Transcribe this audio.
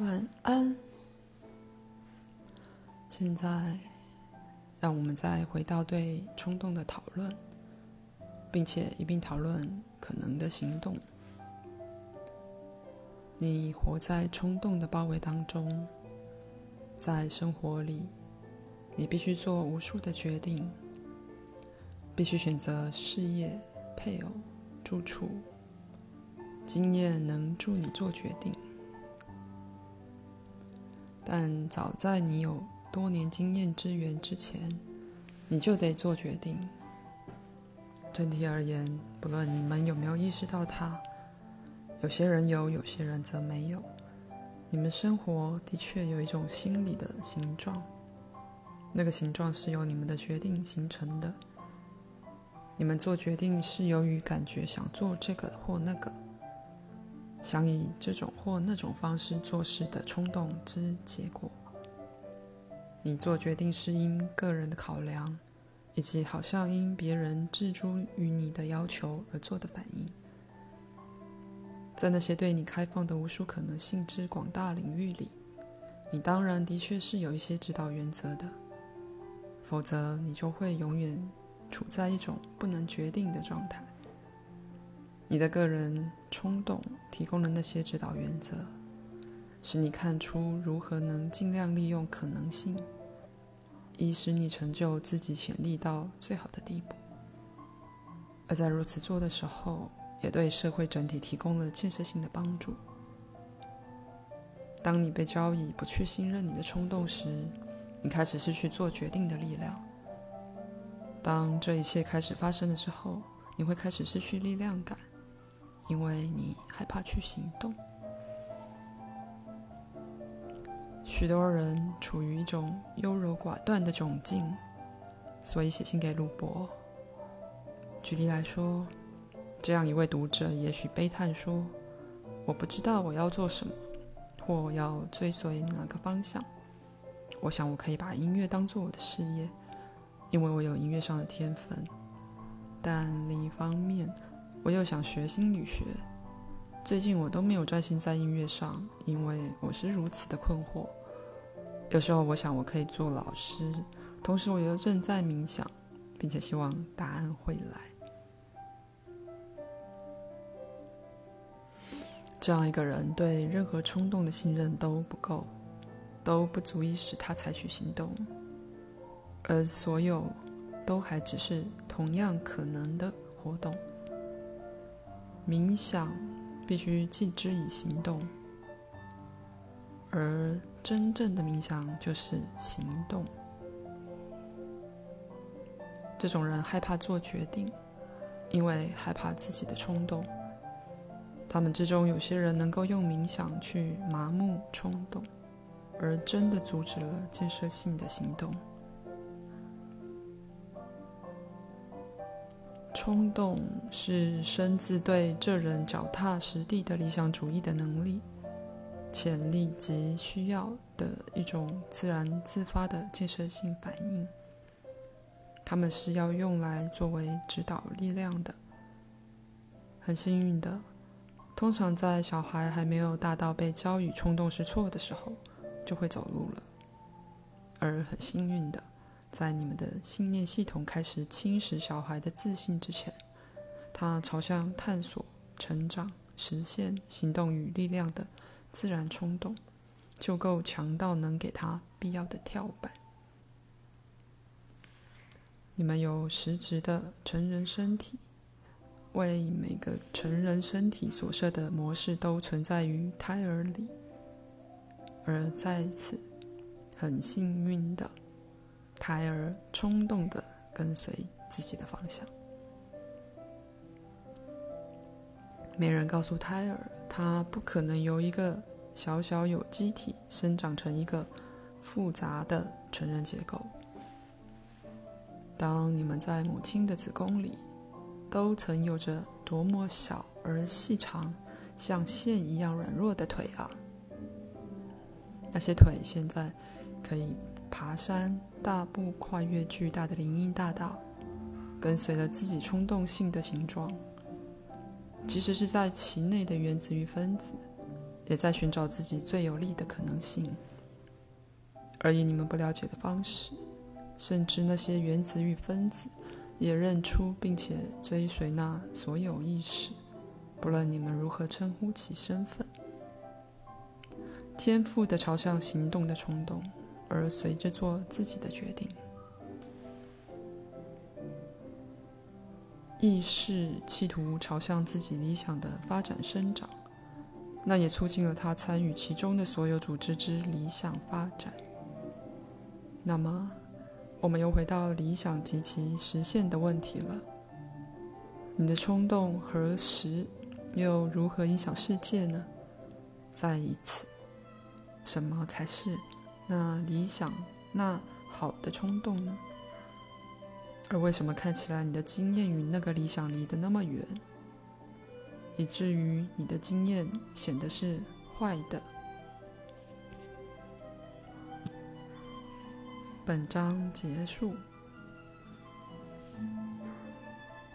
晚安。現在，讓我們再回到對衝動的討論，並且一併討論可能的行動。你活在衝動的包圍當中，在生活裡，你必須做無數的決定，必須選擇事業、配偶、住處。經驗能助你做決定。但早在你有多年經驗之源之前，你就得做決定。整體而言，不論你們有沒有意識到它，有些人有，有些人則沒有。你們生活的確有一種心理的形狀，那個形狀是由你們的決定形成的。你們做決定是由於感覺想做這個或那個。想以這種或那種方式做事的衝動之結果，你做決定是因個人的考量，以及好像因別人置諸於你的要求而做的反應。在那些對你開放的無數可能性之廣大領域裡，你當然的確是有一些指導原則的，否則你就會永遠處在一種不能決定的狀態。你的個人衝動提供了那些指導原則，使你看出如何能盡量利用可能性，以使你成就自己潛力到最好的地步。而在如此做的時候，也對社會整體提供了建設性的幫助。當你被交易、不去信任你的衝動時，你開始失去做決定的力量。當這一切開始發生的時候，你會開始失去力量感。因為你害怕去行動，許多人處於一種優柔寡斷的窘境，所以寫信給魯伯。舉例來說，這樣一位讀者也許悲嘆說：“我不知道我要做什麼，或要追隨哪個方向。我想我可以把音樂當做我的事業，因為我有音樂上的天分。但另一方面，”我又想學心理學。最近我都沒有專心在音樂上，因為我是如此的困惑。有時候我想我可以做老師，同時我又正在冥想，並且希望答案會來。這樣一個人對任何衝動的信任都不夠，都不足以使他採取行動，而所有都還只是同樣可能的活動。冥想必須繼之以行動，而真正的冥想就是行動。這種人害怕做決定，因為害怕自己的衝動。他們之中有些人能夠用冥想去麻木衝動，而真的阻止了建設性的行動。衝動是生自對這人腳踏實地的理想主義的能力、潛力及需要的一種自然自發的建設性反應。它們是要用來作為指導力量的。很幸運的，通常在小孩還沒有大到被教育衝動是錯的時候，就會走路了。而很幸運的。在你們的信念系統開始侵蝕小孩的自信之前，他朝向探索、成長、實現行動與力量的自然衝動，就夠強到能給他必要的跳板。你們有實質的成人身體，為每個成人身體所設的模式都存在於胎兒裡，而在此很幸運的。胎兒衝動的跟隨自己的方向，沒人告訴胎兒，他不可能由一個小小有機體生長成一個複雜的成人結構。當你們在母親的子宮裡，都曾有着多麼小而細長、像線一樣軟弱的腿啊！那些腿現在可以。爬山，大步跨越巨大的林蔭大道，跟隨了自己衝動性的形狀。即使是在其內的原子與分子，也在尋找自己最有利的可能性。而以你們不了解的方式，甚至那些原子與分子，也認出並且追隨那所有意識，不論你們如何稱呼其身份。天賦的朝向行動的衝動。而隨着做自己的決定，意識企圖朝向自己理想的發展生長，那也促進了他參與其中的所有組織之理想發展。那麼，我們又回到理想及其實現的問題了。你的衝動何時又如何影響世界呢？再一次，什麼才是？那理想，那好的衝動呢？而為什麼看起來你的經驗與那個理想離得那麼遠，以至於你的經驗顯得是壞的？本章結束。